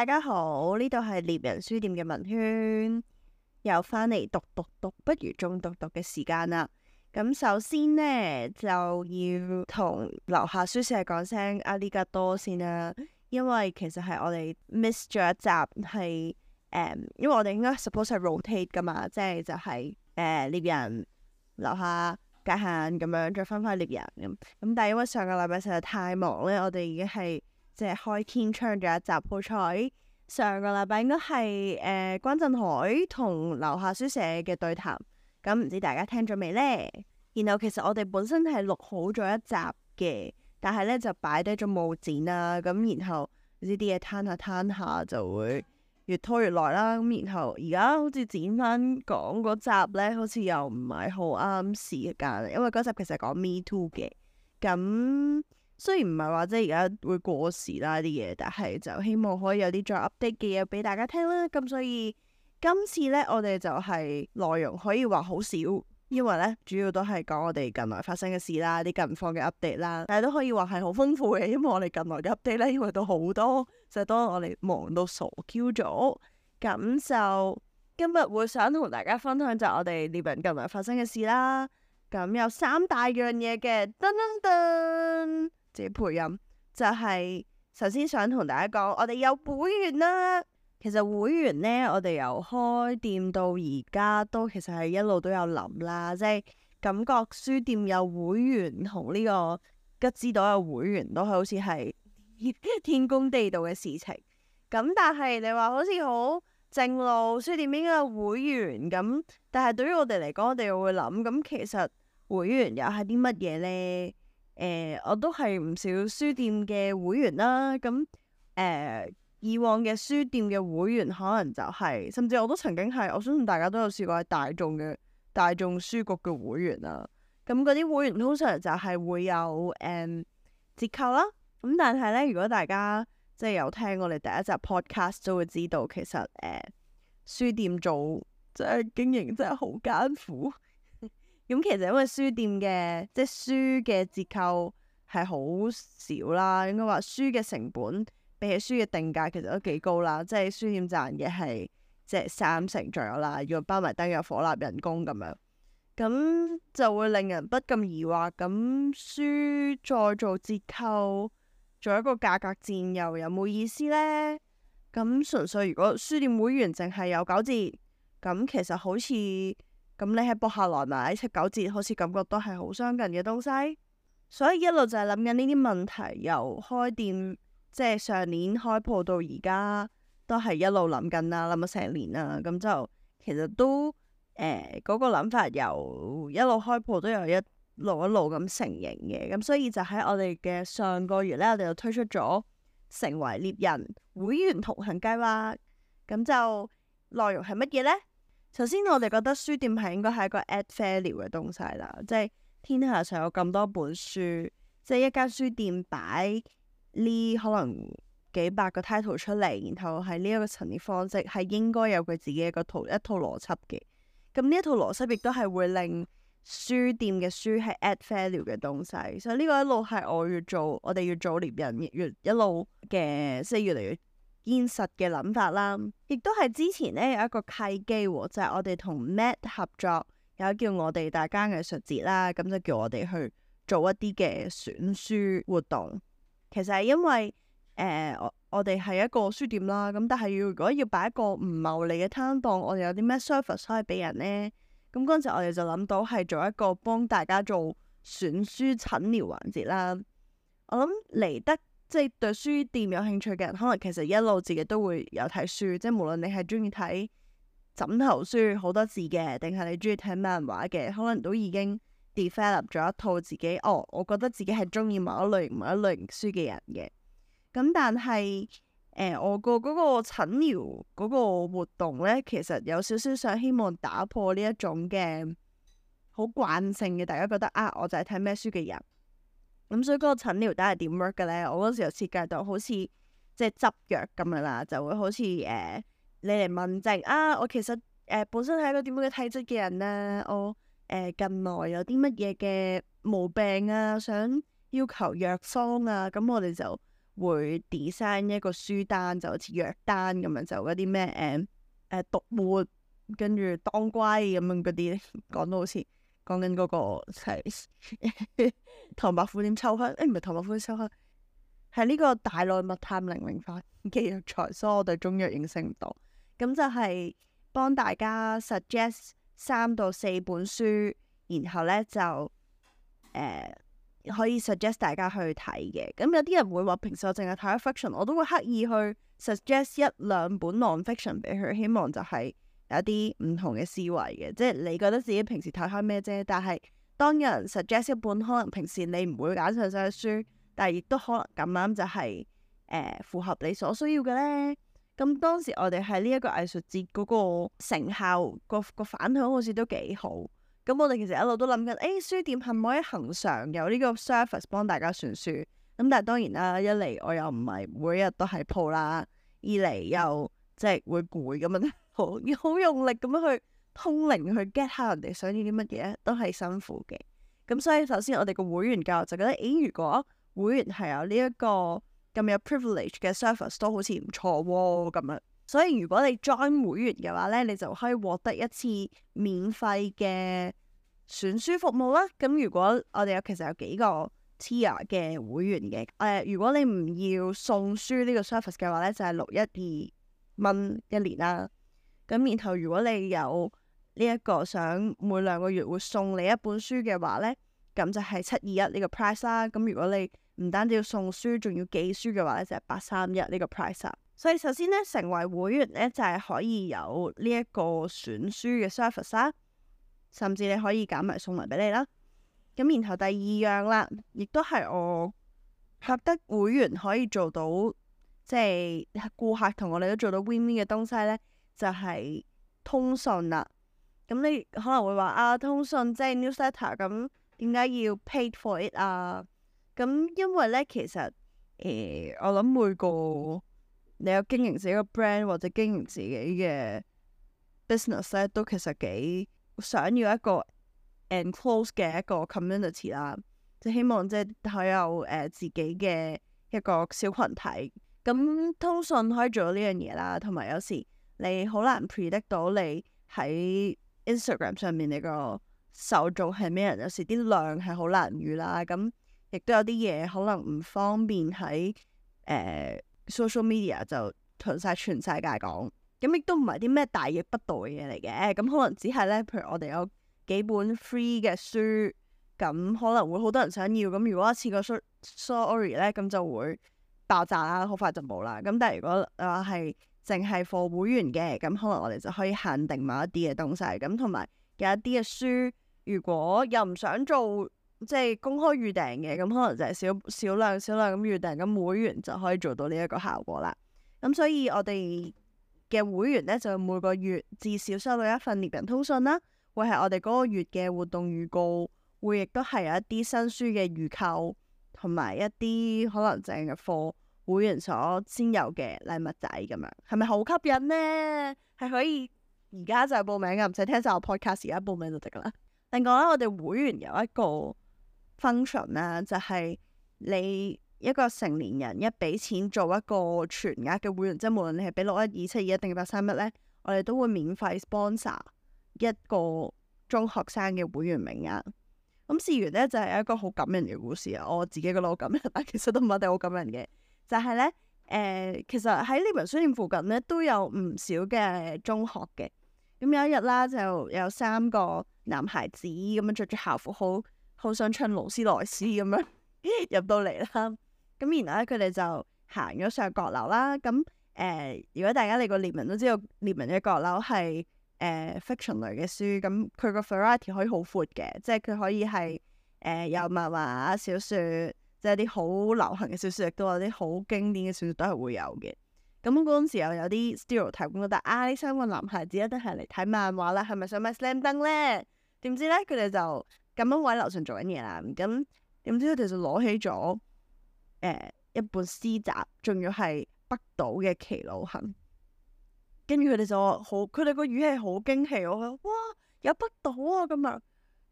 大家好，呢度係獵人書店嘅文圈，又翻嚟讀讀讀不如中讀讀嘅時間啦。咁首先咧就要同樓下書社講聲阿里加多先啦，因為其實係我哋 miss 咗一集，係誒，因為我哋應該 suppose 係 rotate 噶嘛，即係就係誒獵人樓下隔行咁樣再返返獵人咁，咁、嗯、但係因為上個禮拜實在太忙咧，我哋已經係。即係開天窗咗一集，好彩上個禮拜應該係誒關震海同樓下書社嘅對談，咁、嗯、唔知大家聽咗未咧？然後其實我哋本身係錄好咗一集嘅，但係咧就擺低咗冇剪啊。咁、嗯、然後呢啲嘢攤下攤下就會越拖越耐啦。咁、嗯、然後而家好似剪翻講嗰集咧，好似又唔係好啱時間，因為嗰集其實講 me too 嘅，咁、嗯。雖然唔係話即係而家會過時啦啲嘢，但係就希望可以有啲再 update 嘅嘢俾大家聽啦。咁所以今次咧，我哋就係內容可以話好少，因為咧主要都係講我哋近來發生嘅事啦，啲近況嘅 update 啦。但係都可以話係好豐富嘅，因為我哋近來嘅 update 咧，因為都好多，就係、當我哋忙到傻 Q 咗。咁就今日會想同大家分享就係我哋獵人近來發生嘅事啦。咁有三大樣嘢嘅，噔噔噔～自己配音就係、是、首先想同大家講，我哋有會員啦。其實會員咧，我哋由開店到而家都其實係一路都有諗啦。即、就、係、是、感覺書店有會員同呢個吉之島有會員都係好似係 天公地道嘅事情。咁但係你話好似好正路書店應該有會員咁，但係對於我哋嚟講，我哋會諗咁其實會員又係啲乜嘢咧？誒，我都係唔少書店嘅會員啦。咁、嗯、誒、嗯，以往嘅書店嘅會員可能就係、是，甚至我都曾經係，我相信大家都有試過係大眾嘅大眾書局嘅會員啦。咁嗰啲會員通常就係會有誒、嗯、折扣啦。咁、嗯、但係咧，如果大家即係有聽我哋第一集 podcast 都會知道，其實誒、嗯、書店做即係經營真係好艱苦。 咁、嗯、其實因為書店嘅即係書嘅折扣係好少啦，應該話書嘅成本比起書嘅定價其實都幾高啦，即係書店賺嘅係即係三成左右啦。如果包埋燈油火蠟人工咁樣，咁就會令人不禁疑惑，咁書再做折扣，做一個價格戰又有冇意思咧？咁純粹如果書店會員淨係有九折，咁其實好似～咁你喺博客來買七九折，好似感覺都係好相近嘅東西，所以一路就係諗緊呢啲問題。由開店，即係上年開鋪到而家，都係一路諗緊啦，諗咗成年啦。咁就其實都誒嗰、欸嗰個諗法，由一路開鋪都有一路一路咁成型嘅。咁所以就喺我哋嘅上個月咧，我哋就推出咗成為獵人會員同行計劃。咁就內容係乜嘢咧？首先我哋覺得書店係應該係一個 add value 嘅東西啦，即係天下上有咁多本書，即係一間書店擺呢可能幾百個 title 出嚟，然後喺呢一個陳列方式係應該有佢自己一個套一套邏輯嘅。咁呢套邏輯亦都係會令書店嘅書係 add value 嘅東西，所以呢個一路係我要做，我哋要做獵人越一路嘅，即係越嚟越。現實嘅諗法啦，亦都係之前咧有一個契機，哦，就係、是、我哋同 Matt 合作，有一叫我哋大家嘅藝術節啦，咁就叫我哋去做一啲嘅選書活動。其實係因為誒、呃，我我哋係一個書店啦，咁但係如果要擺一個唔牟利嘅攤檔，我哋有啲咩 service 可以俾人咧？咁嗰陣時我哋就諗到係做一個幫大家做選書診療環節啦。我諗嚟得。即係對書店有興趣嘅人，可能其實一路自己都會有睇書，即係無論你係中意睇枕頭書好多字嘅，定係你中意睇漫畫嘅，可能都已經 develop 咗一套自己哦，我覺得自己係中意某一類某一類型書嘅人嘅。咁但係誒、呃，我個嗰個診療嗰個活動咧，其實有少少想希望打破呢一種嘅好慣性嘅，大家覺得啊，我就係睇咩書嘅人。咁、嗯、所以嗰個診療單係點 work 嘅咧？我嗰時又設計到好似即係執藥咁樣啦，就會好似誒、呃、你嚟問症啊，我其實誒、呃、本身係一個點樣嘅體質嘅人啊，我誒、呃、近來有啲乜嘢嘅毛病啊，想要求藥方啊，咁我哋就會 design 一個書單，就好似藥單咁樣，就嗰啲咩誒誒獨活，跟住當歸咁樣嗰啲， 講到好似～講緊嗰個 唐伯虎點秋香，誒唔係唐伯虎點秋香，係呢個大內密探零零發嘅藥材，所以我對中藥認識唔到。咁就係幫大家 suggest 三到四本書，然後咧就誒、uh, 可以 suggest 大家去睇嘅。咁有啲人會話，平時我淨係睇一 fiction，我都會刻意去 suggest 一兩本 non fiction 俾佢，希望就係、是。有啲唔同嘅思維嘅，即係你覺得自己平時睇開咩啫。但係當有人 suggest 一本可能平時你唔會揀上晒嘅書，但係亦都可能咁啱就係、是、誒、呃、符合你所需要嘅咧。咁當時我哋喺呢一個藝術節嗰個成效、個個反響好似都幾好。咁我哋其實一路都諗緊，誒、哎、書店可唔可以恆常有呢個 service 幫大家選書？咁但係當然啦，一嚟我又唔係每日都喺鋪啦，二嚟又。即係會攰咁樣， 好好用力咁樣去通靈去 get 下人哋想要啲乜嘢，都係辛苦嘅。咁所以首先我哋個會員教就覺得，咦、欸？如果會員係有呢、這、一個咁有 privilege 嘅 service 都好似唔錯喎、哦、咁樣。所以如果你 join 會員嘅話咧，你就可以獲得一次免費嘅選書服務啦。咁如果我哋有其實有幾個 tier 嘅會員嘅，誒、呃，如果你唔要送書呢個 service 嘅話咧，就係六一二。蚊一年啦、啊，咁然後如果你有呢、這、一個想每兩個月會送你一本書嘅話咧，咁就係七二一呢個 price 啦。咁如果你唔單止要送書，仲要寄書嘅話咧，就係八三一呢個 price 啦。所以首先咧，成為會員咧就係、是、可以有呢一個選書嘅 service 啦，甚至你可以揀埋送埋俾你啦。咁然後第二樣啦，亦都係我客得會員可以做到。即係顧客同我哋都做到 win win 嘅東西咧，就係、是、通訊啦。咁你可能會話啊，通訊即係 newsletter 咁、嗯，點解要 pay for it 啊？咁、嗯、因為咧，其實誒、呃，我諗每個你有經營自己個 brand 或者經營自己嘅 business 咧，都其實幾想要一個 enclose 嘅一個 community 啦，即係希望即係佢有誒、呃、自己嘅一個小群體。咁通訊可以做到呢樣嘢啦，同埋有時你好難 predict 到你喺 Instagram 上面你個受眾係咩人，有時啲量係好難預啦。咁亦都有啲嘢可能唔方便喺誒、呃、social media 就同晒全世界講。咁亦都唔係啲咩大逆不道嘅嘢嚟嘅。咁可能只係咧，譬如我哋有幾本 free 嘅書，咁可能會好多人想要。咁如果一次過出 story 咧，咁就會爆炸啦，好快就冇啦。咁但係如果我係淨係貨會員嘅，咁可能我哋就可以限定某一啲嘅東西，咁同埋有一啲嘅書，如果又唔想做即係公開預訂嘅，咁可能就係少少量少量咁預訂，咁會員就可以做到呢一個效果啦。咁所以我哋嘅會員咧就每個月至少收到一份獵人通訊啦，會係我哋嗰個月嘅活動預告，會亦都係有一啲新書嘅預購，同埋一啲可能正嘅貨。會員所先有嘅禮物仔咁樣，係咪好吸引咧？係可以而家就係報名噶，唔使聽晒我 podcast 而家報名就得噶啦。另外咧，我哋會員有一個 function 咧，就係你一個成年人一俾錢做一個全額嘅會員，即係無論你係俾六一二七二一定八三一咧，我哋都會免費 sponsor 一個中學生嘅會員名額。咁事完咧就係一個好感人嘅故事啊！我自己覺得好感人，但其實都唔係一定好感人嘅。就係咧，誒、呃，其實喺獵人書店附近咧都有唔少嘅中學嘅。咁有一日啦，就有三個男孩子咁樣着住校服，好好想唱勞斯萊斯咁樣 入到嚟啦。咁然後咧，佢哋就行咗上閣樓啦。咁誒、呃，如果大家嚟過獵人都知道，獵人嘅閣樓係誒、呃、fiction 類嘅書，咁佢個 variety 可以好闊嘅，即係佢可以係誒、呃、有漫畫、小説。即係啲好流行嘅小說，亦都有啲好經典嘅小說都係會有嘅。咁嗰陣時候有啲 stereotypes，覺得啊，呢三個男孩子一定係嚟睇漫畫啦，係咪想買呢《Slam Dunk》咧？點知咧佢哋就咁樣喺樓上做緊嘢啦。咁點知佢哋就攞起咗誒、呃、一本詩集，仲要係北島嘅《歧路行》。跟住佢哋就話好，佢哋個語氣好驚喜，我覺得：「哇有北島啊咁啊！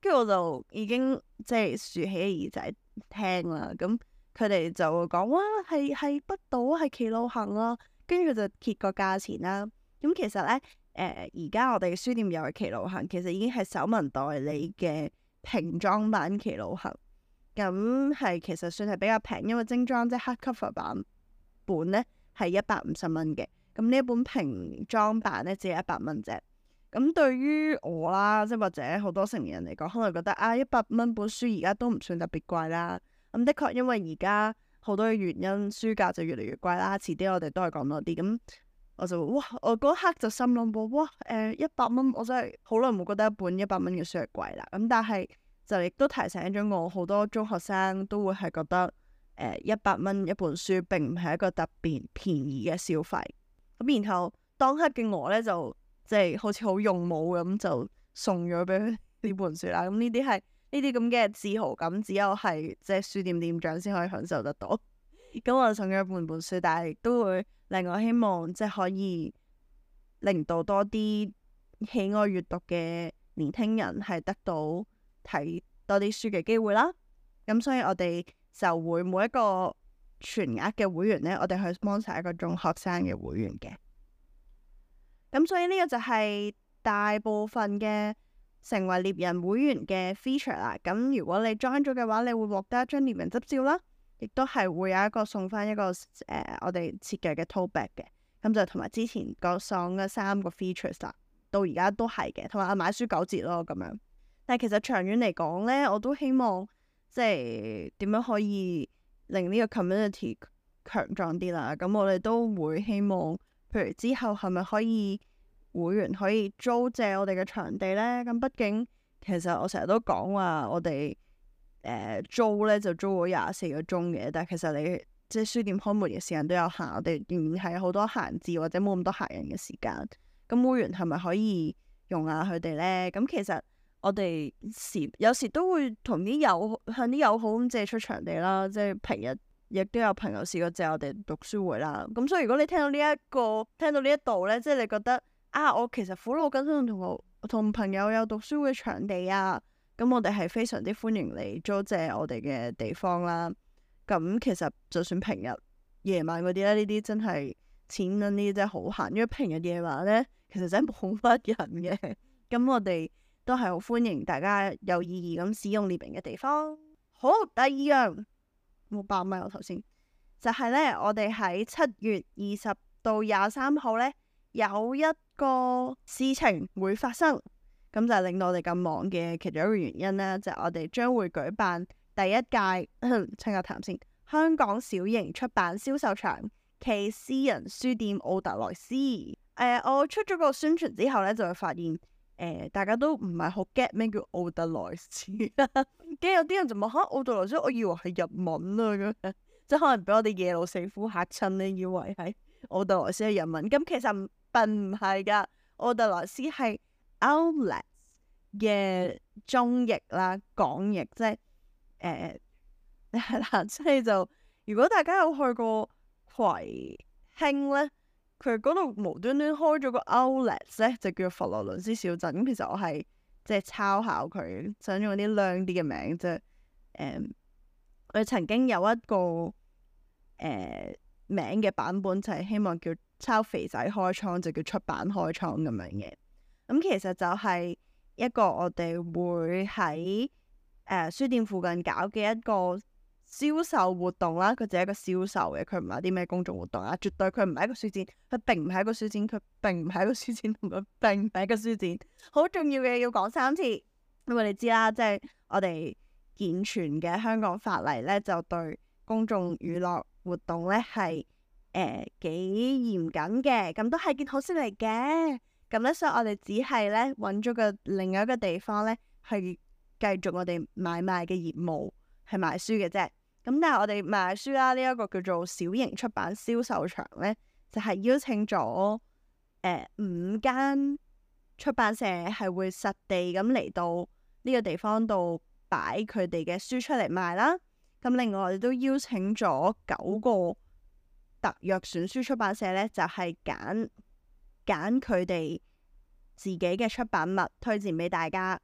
跟住我就已經即係豎起耳仔聽啦，咁佢哋就會講哇，係係北島，係歧路行啊！跟住佢就揭個價錢啦。咁、嗯、其實咧，誒而家我哋書店有嘅歧路行其實已經係首文代理嘅瓶裝版歧路行，咁、嗯、係其實算係比較平，因為精裝即係 hardcover 版本咧係一百五十蚊嘅，咁呢一本瓶裝版咧只係一百蚊啫。咁、嗯、對於我啦，即係或者好多成年人嚟講，可能覺得啊，一百蚊本書而家都唔算特別貴啦。咁、嗯、的確，因為而家好多嘅原因，書價就越嚟越貴啦。遲啲我哋都係講多啲。咁、嗯、我就哇，我嗰刻就心諗噃，哇誒，一百蚊我真係好耐冇覺得一本一百蚊嘅書係貴啦。咁、嗯、但係就亦都提醒咗我好多中學生都會係覺得誒一百蚊一本書並唔係一個特別便宜嘅消費。咁、嗯、然後當刻嘅我咧就。即係好似好勇武咁就送咗俾佢呢本書啦。咁呢啲係呢啲咁嘅自豪感，只有係即係書店店長先可以享受得到。咁、 嗯、我送咗半本書，但係都會令我希望即係可以令到多啲喜愛閱讀嘅年輕人係得到睇多啲書嘅機會啦。咁、嗯、所以我哋就會每一個全額嘅會員咧，我哋去幫曬一個中學生嘅會員嘅。咁所以呢個就係大部分嘅成為獵人會員嘅 feature 啦。咁如果你 join 咗嘅話，你會獲得一張獵人執照啦，亦都係會有一個送翻一個誒、呃、我哋設計嘅 tote bag 嘅。咁就同埋之前個送嘅三個 features 啦，到而家都係嘅，同埋阿買書九折咯咁樣。但係其實長遠嚟講咧，我都希望即係點樣可以令呢個 community 強壯啲啦。咁我哋都會希望。譬如之後係咪可以會員可以租借我哋嘅場地咧？咁畢竟其實我成日都講話我哋誒、呃、租咧就租咗廿四個鐘嘅，但係其實你即係書店開門嘅時間都有限，我哋仍然係好多閒置或者冇咁多客人嘅時間。咁會員係咪可以用下佢哋咧？咁其實我哋時有時都會同啲友向啲友好咁借出場地啦，即係平日。亦都有朋友試過借我哋讀書會啦，咁所以如果你聽到呢一個聽到呢一度咧，即係你覺得啊，我其實苦惱緊想同學同朋友有讀書會嘅場地啊，咁我哋係非常之歡迎你租借我哋嘅地方啦。咁其實就算平日夜晚嗰啲咧，呢啲真係錢緊呢，真係好閒，因為平日夜晚咧其實真係冇乜人嘅。咁 我哋都係好歡迎大家有意義咁使用呢邊嘅地方。好，第二樣。冇爆咪，我頭先就係、是、咧，我哋喺七月二十到廿三號咧有一個事情會發生，咁就係令到我哋咁忙嘅其中一個原因咧，就係、是、我哋將會舉辦第一屆哼，清吓痰先，香港小型出版銷售場暨私人書店奧特萊斯。誒、呃，我出咗個宣傳之後咧，就會發現。誒、呃，大家都唔係好 get 咩叫奧特萊斯，跟 住有啲人就問吓奧特萊斯，我以為係日文啊咁，即係可能俾我哋野路四夫嚇親咧，你以為係奧特萊斯係日文，咁其實並唔係噶，奧特萊斯係 Outlets 嘅中譯啦、港譯，即係誒係啦，即、呃、係 就如果大家有去過葵興咧。佢嗰度無端端開咗個 Outlet 咧，就叫佛羅倫斯小鎮。咁其實我係即係抄考佢，想用啲靚啲嘅名啫。誒，我、嗯、曾經有一個誒、嗯、名嘅版本，就係希望叫抄肥仔開倉，就叫出版開倉咁樣嘅。咁、嗯、其實就係一個我哋會喺誒、呃、書店附近搞嘅一個。銷售活動啦，佢就係一個銷售嘅，佢唔係啲咩公眾活動啊！絕對佢唔係一個書展，佢並唔係一個書展，佢並唔係一個書展，同佢並唔係一個書展。好重要嘅要講三次，咁我哋知啦，即係我哋健全嘅香港法例咧，就對公眾娛樂活動咧係誒幾嚴謹嘅，咁都係件好事嚟嘅。咁咧，所以我哋只係咧揾咗個另一個地方咧，係繼續我哋買賣嘅業務，係賣書嘅啫。咁但係我哋賣書啦，呢、這、一個叫做小型出版銷售場咧，就係、是、邀請咗誒五間出版社係會實地咁嚟到呢個地方度擺佢哋嘅書出嚟賣啦。咁另外我哋都邀請咗九個特約選書出版社咧，就係揀揀佢哋自己嘅出版物推薦俾大家。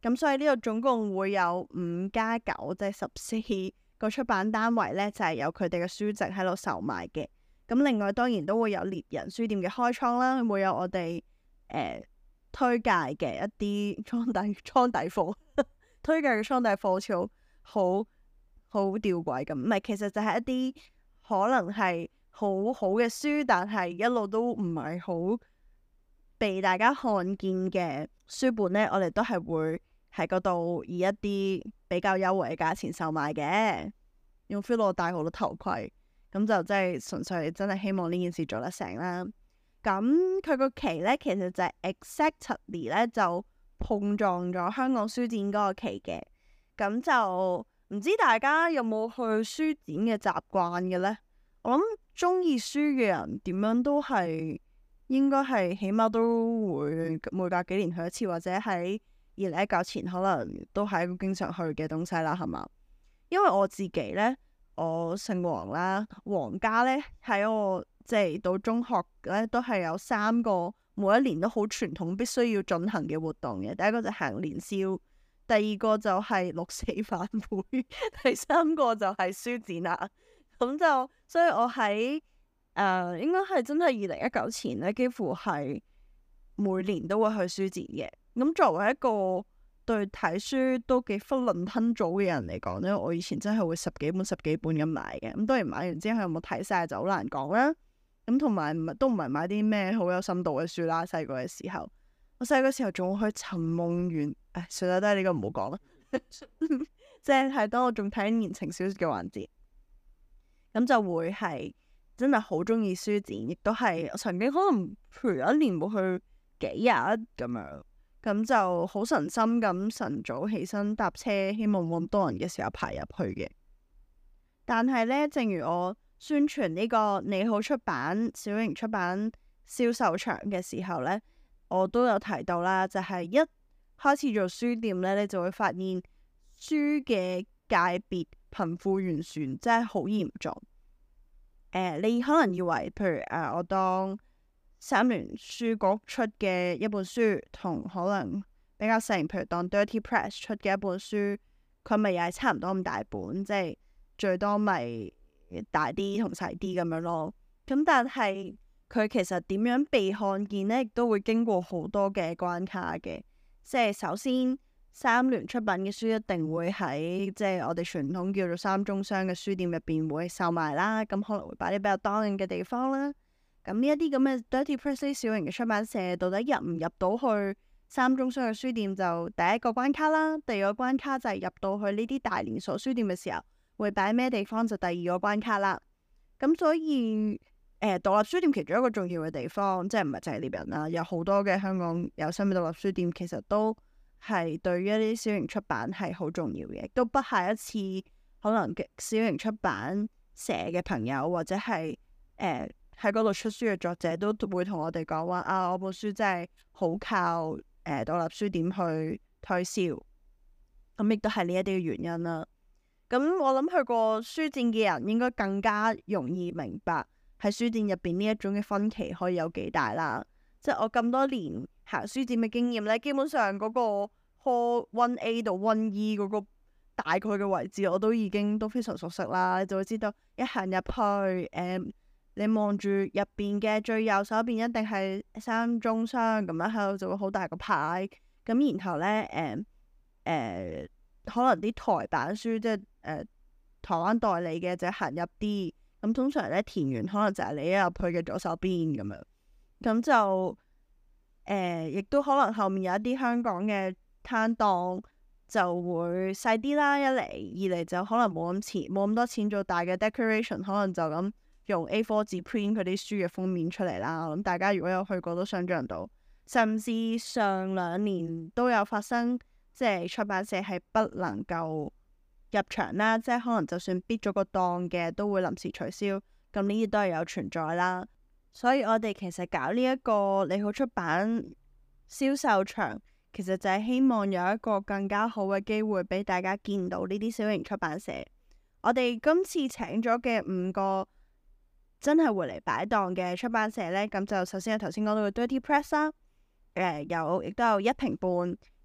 咁所以呢個總共會有五加九，即係十四個出版單位咧，就係、是、有佢哋嘅書籍喺度售賣嘅，咁另外當然都會有獵人書店嘅開倉啦，會有我哋誒、呃、推介嘅一啲倉底倉底貨。 推介嘅倉底貨似好好吊詭咁，唔係，其實就係一啲可能係好好嘅書，但係一路都唔係好被大家看見嘅書本咧，我哋都係會喺嗰度以一啲。比較優惠嘅價錢售賣嘅，用 feel 到我戴好多頭盔，咁就真係純粹真係希望呢件事做得成啦。咁佢個期咧，其實就係 exactly 咧就碰撞咗香港書展嗰個期，嘅咁就唔知大家有冇去書展嘅習慣嘅咧？我諗中意書嘅人點樣都係應該係起碼都會每隔幾年去一次，或者喺。二零一九前可能都係一個經常去嘅東西啦，係嘛？因為我自己咧，我姓黃啦，黃家咧喺我即係到中學咧都係有三個每一年都好傳統必須要進行嘅活動嘅，第一個就係行年宵，第二個就係六四反會， 第三個就係書展啦。咁就所以我喺誒、呃、應該係真係二零一九前咧，幾乎係每年都會去書展嘅。咁作為一個對睇書都幾囫圇吞棗嘅人嚟講咧，我以前真係會十幾本、十幾本咁買嘅。咁當然買完之後有冇睇晒就好難講啦。咁同埋唔係都唔係買啲咩好有深度嘅書啦。細個嘅時候，我細個時候仲會去尋夢園，唉，算啦，都係呢個唔好講啦。即係係當我仲睇言情小説嘅環節，咁就會係真係好中意書展，亦都係我曾經可能譬如一年冇去幾日咁樣。咁就好神心咁晨早起身搭車，希望冇咁多人嘅時候排入去嘅。但係呢，正如我宣傳呢個你好出版小型出版銷售場嘅時候呢，我都有提到啦，就係、是、一開始做書店呢，你就會發現書嘅界別貧富懸殊真係好嚴重、呃。你可能以為，譬如、呃、我當。三聯書局出嘅一本書，同可能比較細，譬如當 Dirty Press 出嘅一本書，佢咪又係差唔多咁大本，即係最多咪大啲同細啲咁樣咯。咁但係佢其實點樣被看見咧，亦都會經過好多嘅關卡嘅。即係首先，三聯出品嘅書一定會喺即係我哋傳統叫做三中商嘅書店入邊會售賣啦。咁、嗯、可能會擺啲比較當眼嘅地方啦。咁呢一啲咁嘅 dirty press 小型嘅出版社，到底入唔入到去三中商嘅書店，就第一個關卡啦。第二個關卡就係入到去呢啲大連鎖書店嘅時候，會擺咩地方，就第二個關卡啦。咁所以誒、呃，獨立書店其中一個重要嘅地方，即係唔係就係獵人啦，有好多嘅香港有新嘅獨立書店，其實都係對於一啲小型出版係好重要嘅，都不下一次可能嘅小型出版社嘅朋友或者係誒。呃喺嗰度出書嘅作者都會同我哋講話啊！我本書真係好靠誒獨、呃、立書店去推銷，咁亦都係呢一啲嘅原因啦。咁、嗯、我諗去過書店嘅人應該更加容易明白喺書店入邊呢一種嘅分歧可以有幾大啦。即係我咁多年行書店嘅經驗咧，基本上嗰個 Hall One A 到 One E 嗰個大概嘅位置我都已經都非常熟悉啦，就會知道一行入去誒。嗯你望住入邊嘅最右手邊，一定係三中商咁樣，喺度就會好大個牌咁。然後咧，誒誒、呃，可能啲台版書即係誒、呃、台灣代理嘅就行、是、入啲咁。通常咧，田園可能就係你一入去嘅左手邊咁樣咁就誒、呃，亦都可能後面有一啲香港嘅攤檔就會細啲啦。一嚟二嚟就可能冇咁錢，冇咁多錢做大嘅 decoration，可能就咁。用 A4 字 print 佢啲書嘅封面出嚟啦，咁大家如果有去過都想象到，甚至上兩年都有發生，即係出版社係不能夠入場啦，即係可能就算 bid 咗個檔嘅都會臨時取消，咁呢啲都係有存在啦。所以我哋其實搞呢一個你好出版銷售場，其實就係希望有一個更加好嘅機會俾大家見到呢啲小型出版社。我哋今次請咗嘅五個。真係會嚟擺檔嘅出版社呢？咁就首先我頭先講到嘅 Dirty Press 啦，呃、有亦都有一平半、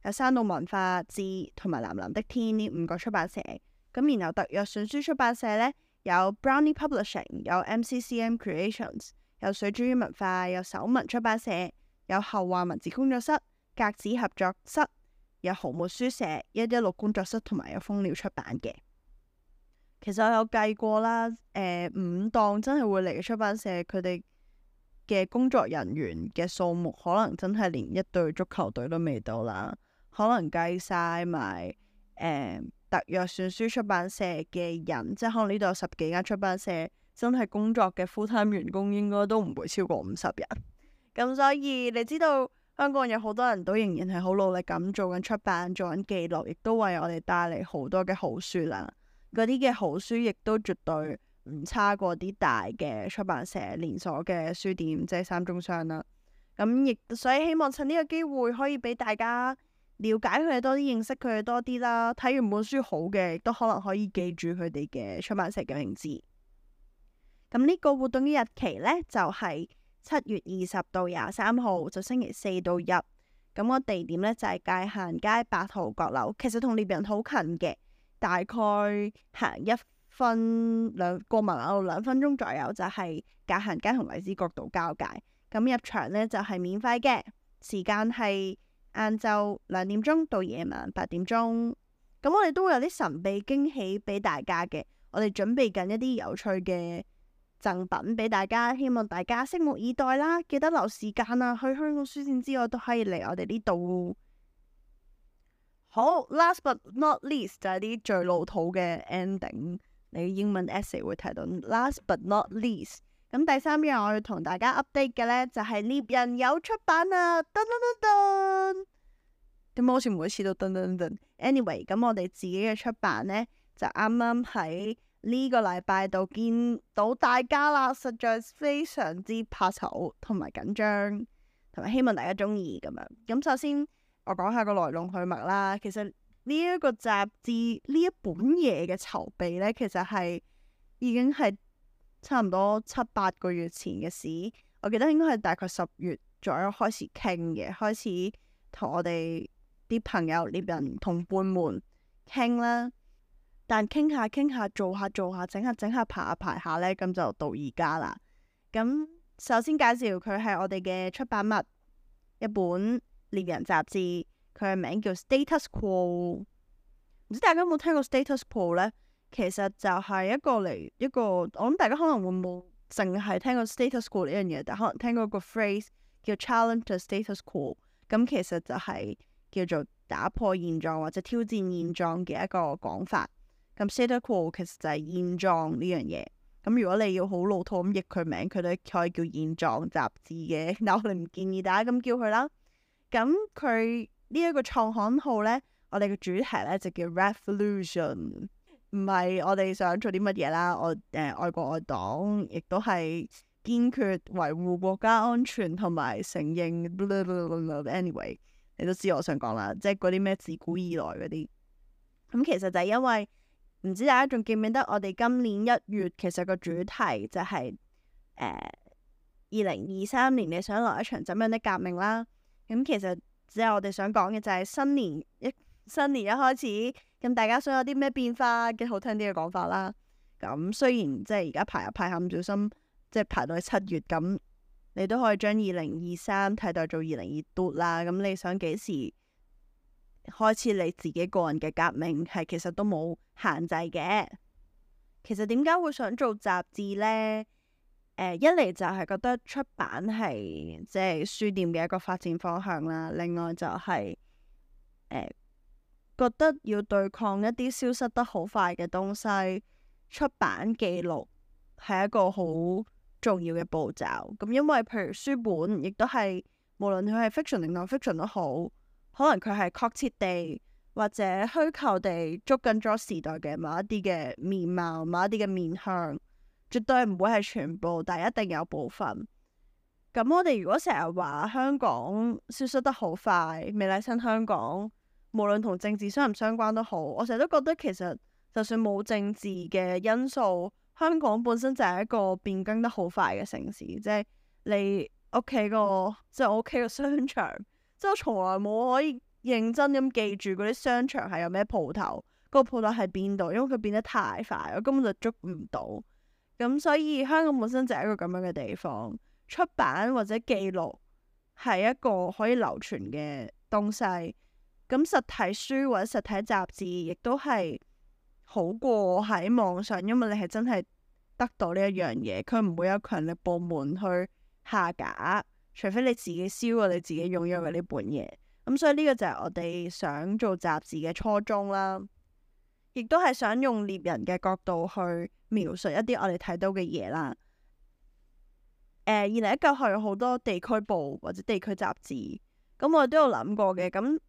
有山道文化誌、同埋藍藍的天呢五個出版社。咁然後特約選書出版社呢，有 Brownie Publishing，有 MCCM Creations，有水煮魚文化，有手文出版社，有後話文字工作室、格子合作室，有豪木書社、一一六工作室，同埋有蜂鳥出版嘅。其實我有計過啦，誒、呃，五檔真係會嚟嘅出版社，佢哋嘅工作人員嘅數目可能真係連一隊足球隊都未到啦。可能計晒埋誒，特約選書出版社嘅人，即係可能呢度有十幾間出版社真係工作嘅 full time 員工，應該都唔會超過五十人。咁 所以你知道香港有好多人都仍然係好努力咁做緊出版，做緊記錄，亦都為我哋帶嚟好多嘅好書啦。嗰啲嘅好書，亦都絕對唔差過啲大嘅出版社、連鎖嘅書店，即係三中商啦。咁亦所以希望趁呢個機會，可以俾大家了解佢哋多啲，認識佢哋多啲啦。睇完本書好嘅，亦都可能可以記住佢哋嘅出版社嘅名字。咁呢個活動嘅日期呢，就係七月二十到廿三號，就星期四到日。咁個地點呢，就係界限街八號閣樓，其實同獵人好近嘅。大概行一分兩過文雅路兩分鐘左右，就係，是，隔行街同荔枝角道交界。咁，嗯、入場咧就係，是，免費嘅，時間係晏晝兩點鐘到夜晚八點鐘。咁，嗯、我哋都會有啲神秘驚喜俾大家嘅，我哋準備緊一啲有趣嘅贈品俾大家，希望大家拭目以待啦！記得留時間啊，去香港書展之外都可以嚟我哋呢度。好，last but not least 就係啲最老土嘅 ending，你英文 essay 會提到 last but not least。咁第三樣我要同大家 update 嘅呢，就係獵人有出版啊，噔噔噔噔。點解好似每一次都噔噔噔 anyway。咁我哋自己嘅出版呢，就啱啱喺呢個禮拜度見到大家啦，實在非常之怕醜同埋緊張，同埋希望大家中意咁樣。咁首先。我講下個來龍去脈啦。其實呢一個雜誌呢一本嘢嘅籌備咧，其實係已經係差唔多七八個月前嘅事。我記得應該係大概十月左右開始傾嘅，開始同我哋啲朋友、獵人同伴們傾啦。但傾下傾下，做下做下，整下整下，排下排下咧，咁就到而家啦。咁首先介紹佢係我哋嘅出版物一本。獵人雜誌佢嘅名叫 status quo，唔知大家有冇聽過 status quo 咧？其實就係一個嚟一個，我諗大家可能會冇淨係聽過 status quo 呢樣嘢，但可能聽過個 phrase 叫 challenge the status quo。咁其實就係叫做打破現狀或者挑戰現狀嘅一個講法。咁 status quo 其實就係現狀呢樣嘢。咁如果你要好老土咁譯佢名，佢都可以叫現狀雜誌嘅，但我哋唔建議大家咁叫佢啦。咁佢呢一個創刊號咧，我哋嘅主題咧就叫 Revolution，唔係我哋想做啲乜嘢啦。我誒愛、呃、國愛黨，亦都係堅決維護國家安全同埋承認。呃呃呃呃、anyway，你都知我想講啦，即係嗰啲咩自古以來嗰啲。咁、嗯、其實就係因為唔知大家仲記唔記得我哋今年一月其實個主題就係誒二零二三年你想落一場怎樣的革命啦？咁、嗯、其實只係我哋想講嘅就係新年一新年一開始，咁大家想有啲咩變化嘅好聽啲嘅講法啦。咁、嗯、雖然即係而家排入排下唔小心，即係排到去七月，咁你都可以將二零二三替代做二零二嘟啦。咁、嗯、你想幾時開始你自己個人嘅革命，係其實都冇限制嘅。其實點解會想做雜誌呢？誒、呃、一嚟就係覺得出版係即係書店嘅一個發展方向啦，另外就係、是、誒、呃、覺得要對抗一啲消失得好快嘅東西，出版記錄係一個好重要嘅步驟。咁、嗯、因為譬如書本，亦都係無論佢係 fiction 定定 fiction 都好，可能佢係確切地或者虛構地捉緊咗時代嘅某一啲嘅面貌，某一啲嘅面向。絕對唔會係全部，但係一定有部分。咁我哋如果成日話香港消失得好快，未來新香港無論同政治相唔相關都好，我成日都覺得其實就算冇政治嘅因素，香港本身就係一個變更得好快嘅城市。即係你屋企個即係我屋企個商場，即係我從來冇可以認真咁記住嗰啲商場係有咩鋪頭，嗰個鋪頭喺邊度，因為佢變得太快，我根本就捉唔到。咁、嗯、所以香港本身就係一個咁樣嘅地方，出版或者記錄係一個可以流傳嘅東西。咁、嗯、實體書或者實體雜誌，亦都係好過喺網上，因為你係真係得到呢一樣嘢，佢唔會有強力部門去下架，除非你自己燒過你自己擁有嘅呢本嘢。咁、嗯、所以呢個就係我哋想做雜誌嘅初衷啦。亦都係想用獵人嘅角度去描述一啲我哋睇到嘅嘢啦。誒、呃，而另一嚿係好多地區報或者地區雜誌，咁我都有諗過嘅。咁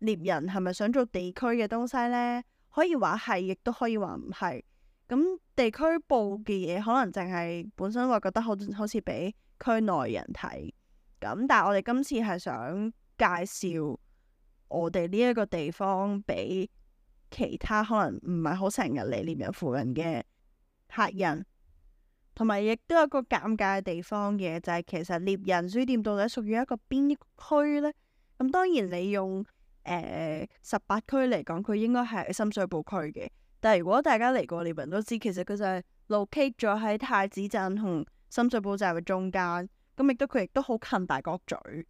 獵人係咪想做地區嘅東西呢？可以話係，亦都可以話唔係。咁地區報嘅嘢可能淨係本身話覺得好好似俾區內人睇。咁但係我哋今次係想介紹我哋呢一個地方俾。其他可能唔係好成日嚟獵人附近嘅客人，同埋亦都有一個尷尬嘅地方嘅，就係、是、其實獵人書店到底屬於一個邊一區咧？咁、嗯、當然你用誒十八區嚟講，佢應該係深水埗區嘅。但係如果大家嚟過獵人都知，其實佢就係 locate 咗喺太子站同深水埗站嘅中間。咁、嗯、亦都佢亦都好近大角咀。咁、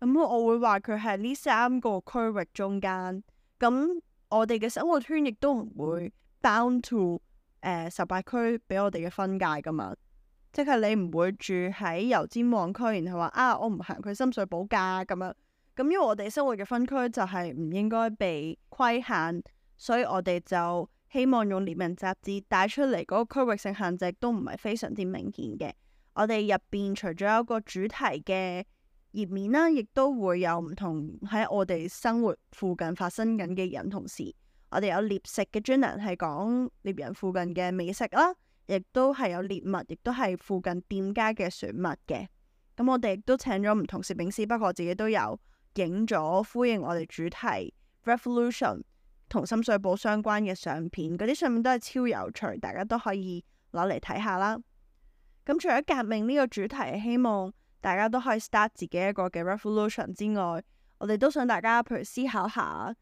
嗯、我會話佢係呢三個區域中間咁。嗯我哋嘅生活圈亦都唔會 bound to 誒十八區俾我哋嘅分界噶嘛，即係你唔會住喺油尖旺區，然後話啊我唔行去深水埗架咁樣。咁因為我哋生活嘅分區就係唔應該被規限，所以我哋就希望用《獵人雜誌》帶出嚟嗰個區域性限制都唔係非常之明顯嘅。我哋入邊除咗有個主題嘅。頁面啦、啊，亦都會有唔同喺我哋生活附近發生緊嘅人同事。我哋有獵食嘅專欄係講獵人附近嘅美食啦，亦都係有獵物，亦都係附近店家嘅選物嘅。咁我哋亦都請咗唔同攝影師，包括我自己都有影咗呼應我哋主題 Revolution 同深水埗相關嘅相片。嗰啲相片都係超有趣，大家都可以攞嚟睇下啦。咁除咗革命呢個主題，希望～大家都可以 start 自己一個嘅 revolution 之外，我哋都想大家，譬如思考下，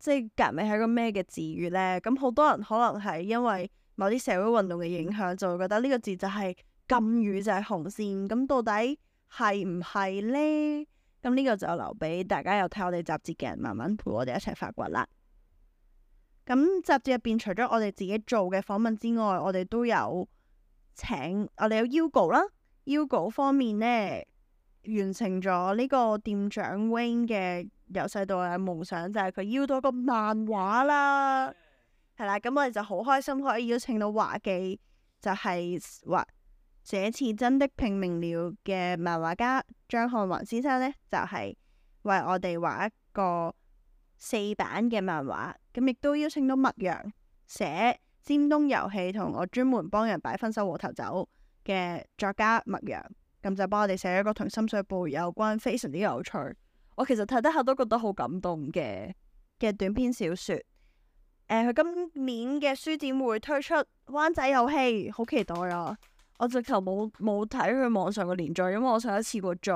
即係革命係一個咩嘅字語咧。咁好多人可能係因為某啲社會運動嘅影響，就會覺得呢個字就係禁語，就係紅線。咁到底係唔係咧？咁呢個就留俾大家，又睇我哋雜誌嘅人慢慢陪我哋一齊發掘啦。咁雜誌入邊除咗我哋自己做嘅訪問之外，我哋都有請我哋有 Ugo 啦。邀稿方面咧，完成咗呢個店長 Wing 嘅由細到大嘅夢想，就係、是、佢邀到個漫畫啦，係啦 Yeah.。咁我哋就好開心可以邀請到華記，就係、是、話這次真的拼命了嘅漫畫家張漢雲先生咧，就係、是、為我哋畫一個四版嘅漫畫。咁亦都邀請到麥洋寫、寫尖東遊戲同我專門幫人擺分手和頭酒嘅作家麥陽，咁就幫我哋寫一個同深水埗有關非常之有趣，我其實睇得下都覺得好感動嘅嘅短篇小說。誒、呃，佢今年嘅書展會推出《灣仔遊戲》，好期待啊！我直頭冇冇睇佢網上嘅連載，因為我上一次過罪，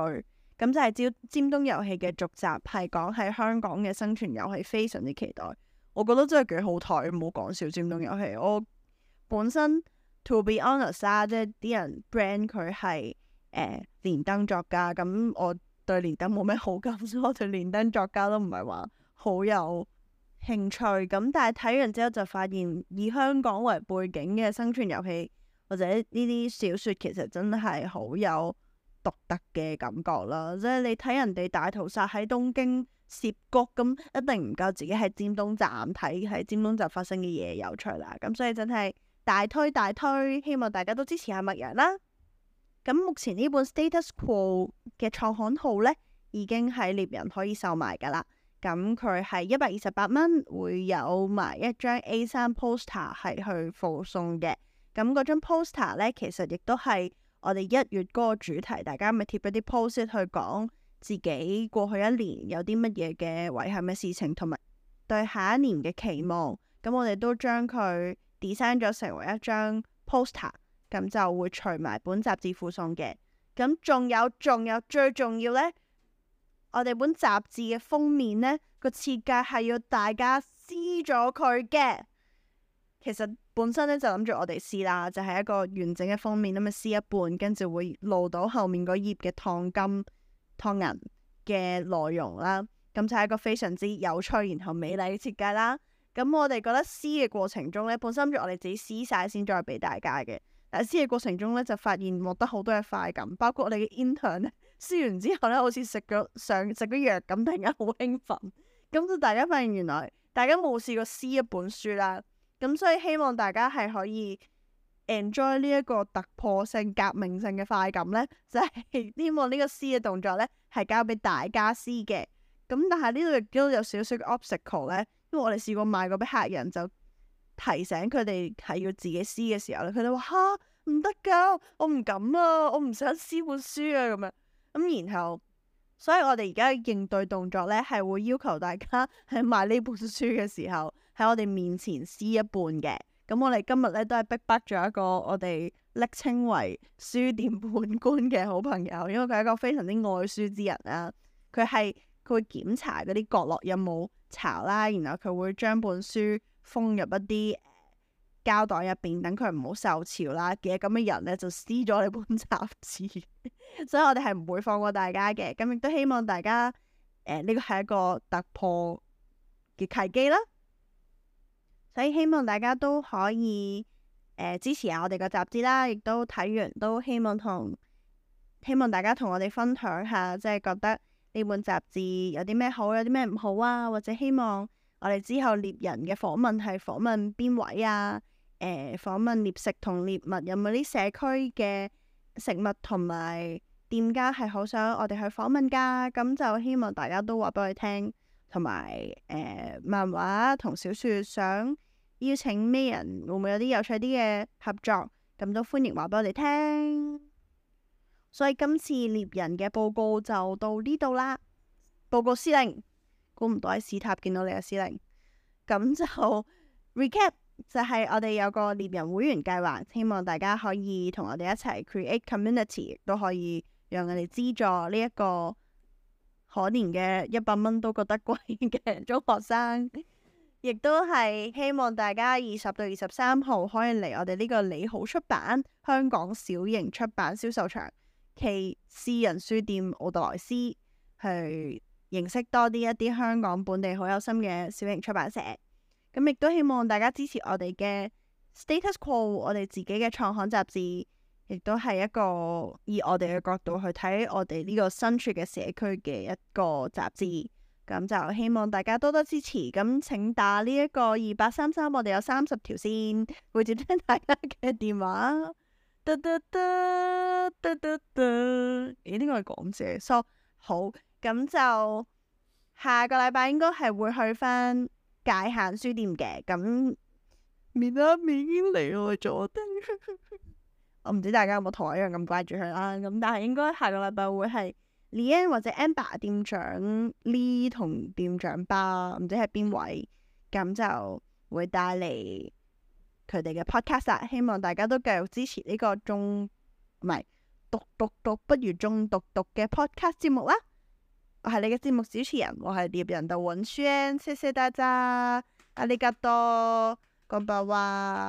咁就係招《尖東遊戲》嘅續集，係講喺香港嘅生存遊戲，非常之期待。我覺得真係幾好睇，唔好講笑《尖東遊戲》，我本身。To be honest 啊，即係啲人 brand 佢係誒連登作家，咁、啊、我對連登冇咩好感，所以我對連登作家都唔係話好有興趣。咁、啊、但係睇完之後就發現，以香港為背景嘅生存遊戲或者呢啲小說，其實真係好有獨特嘅感覺啦。啊、即係你睇人哋大屠殺喺東京澀谷，咁一定唔夠自己喺尖東站睇喺尖東站發生嘅嘢有趣啦。咁、啊、所以真係～大推大推，希望大家都支持下墨羊啦！咁目前呢本 status quo 嘅創刊號咧，已經喺獵人可以售賣噶啦。咁佢係一百二十八蚊，會有埋一張 A3 poster 係去附送嘅。咁嗰張 poster 咧，其實亦都係我哋一月嗰個主題，大家咪貼咗啲 post 去講自己過去一年有啲乜嘢嘅遺憾嘅事情，同埋對下一年嘅期望。咁我哋都將佢 design 咗成為一張 poster，咁就會除埋本雜誌附送嘅。咁仲有仲有最重要呢？我哋本雜誌嘅封面呢個設計係要大家撕咗佢嘅。其實本身呢就諗住我哋撕啦，就係、就是、一個完整嘅封面，咁樣撕一半，跟住會露到後面嗰頁嘅燙金、燙銀嘅內容啦。咁就係一個非常之有趣，然後美麗嘅設計啦。咁我哋覺得撕嘅過程中咧，本身就我哋自己撕晒先再俾大家嘅。但係撕嘅過程中咧，就發現獲得好多嘅快感，包括我哋嘅 intern 咧。撕完之後咧，好似食咗上食咗藥咁，突然間好興奮。咁就大家發現原來大家冇試過撕一本書啦。咁所以希望大家係可以 enjoy 呢一個突破性、革命性嘅快感咧，就係希望呢個撕嘅動作咧，係交俾大家撕嘅。咁但係呢度亦都有少少嘅 obstacle 咧。因為我哋試過賣過俾客人，就提醒佢哋係要自己撕嘅時候咧，佢哋話吓，唔得噶我唔敢啊，我唔想撕本書啊咁樣。咁、嗯、然後，所以我哋而家嘅應對動作咧，係會要求大家喺賣呢本書嘅時候，喺我哋面前撕一半嘅。咁、嗯、我哋今日咧都係逼逼咗一個我哋昵稱為書店判官嘅好朋友，因為佢係一個非常之愛書之人啦、啊。佢係佢會檢查嗰啲角落有冇巢啦，然後佢會將本書封入一啲膠袋入邊，等佢唔好受潮啦。嘅咁嘅人咧就撕咗你本雜誌， 所以我哋係唔會放過大家嘅。咁亦都希望大家，誒、呃、呢、呢個係一個突破嘅契機啦。所以希望大家都可以誒、呃、支持下我哋嘅雜誌啦，亦都睇完都希望同希望大家同我哋分享下，即係覺得。呢本雜誌有啲咩好，有啲咩唔好啊？或者希望我哋之後獵人嘅訪問係訪問邊位啊？誒、呃，訪問獵食同獵物有冇啲社區嘅食物同埋店家係好想我哋去訪問㗎啊？咁就希望大家都話俾我哋聽，同埋誒漫畫同小説想邀請咩人，會唔會有啲有趣啲嘅合作？咁都歡迎話俾我哋聽。所以今次獵人嘅報告就到呢度啦。報告司令，估唔到喺市塔見到你啊，司令。咁就 recap 就係我哋有個獵人會員計劃，希望大家可以同我哋一齊 create community，都可以讓我哋資助呢一個可憐嘅一百蚊都覺得貴嘅中學生。亦 都係希望大家二十到二十三號可以嚟我哋呢個你好出版香港小型出版銷售場。企私人書店奧特萊斯去認識多啲一啲香港本地好有心嘅小型出版社，咁亦都希望大家支持我哋嘅 status call，我哋自己嘅創刊雜誌，亦都係一個以我哋嘅角度去睇我哋呢個身處嘅社區嘅一個雜誌，咁就希望大家多多支持，咁請打呢一個二八三三，我哋有三十條線，會接聽大家嘅電話。得得得得得得，一定要講嘢，So，好，咁就下個禮拜應該係會去翻界限書店嘅，咁面啦，面已經嚟咗，我唔知大家有冇同我一樣咁掛住佢啦，咁但係應該下個禮拜會係 Leon 或者 Amber 店長 Lee 同店長吧，唔知係邊位，咁就會帶嚟。佢哋嘅 podcast 啊，希望大家都繼續支持呢個中唔係讀讀讀不如中讀讀嘅 podcast 節目啦。我係你嘅節目主持人，我係獵人杜允軒，謝謝大家。阿里加多，干白哇。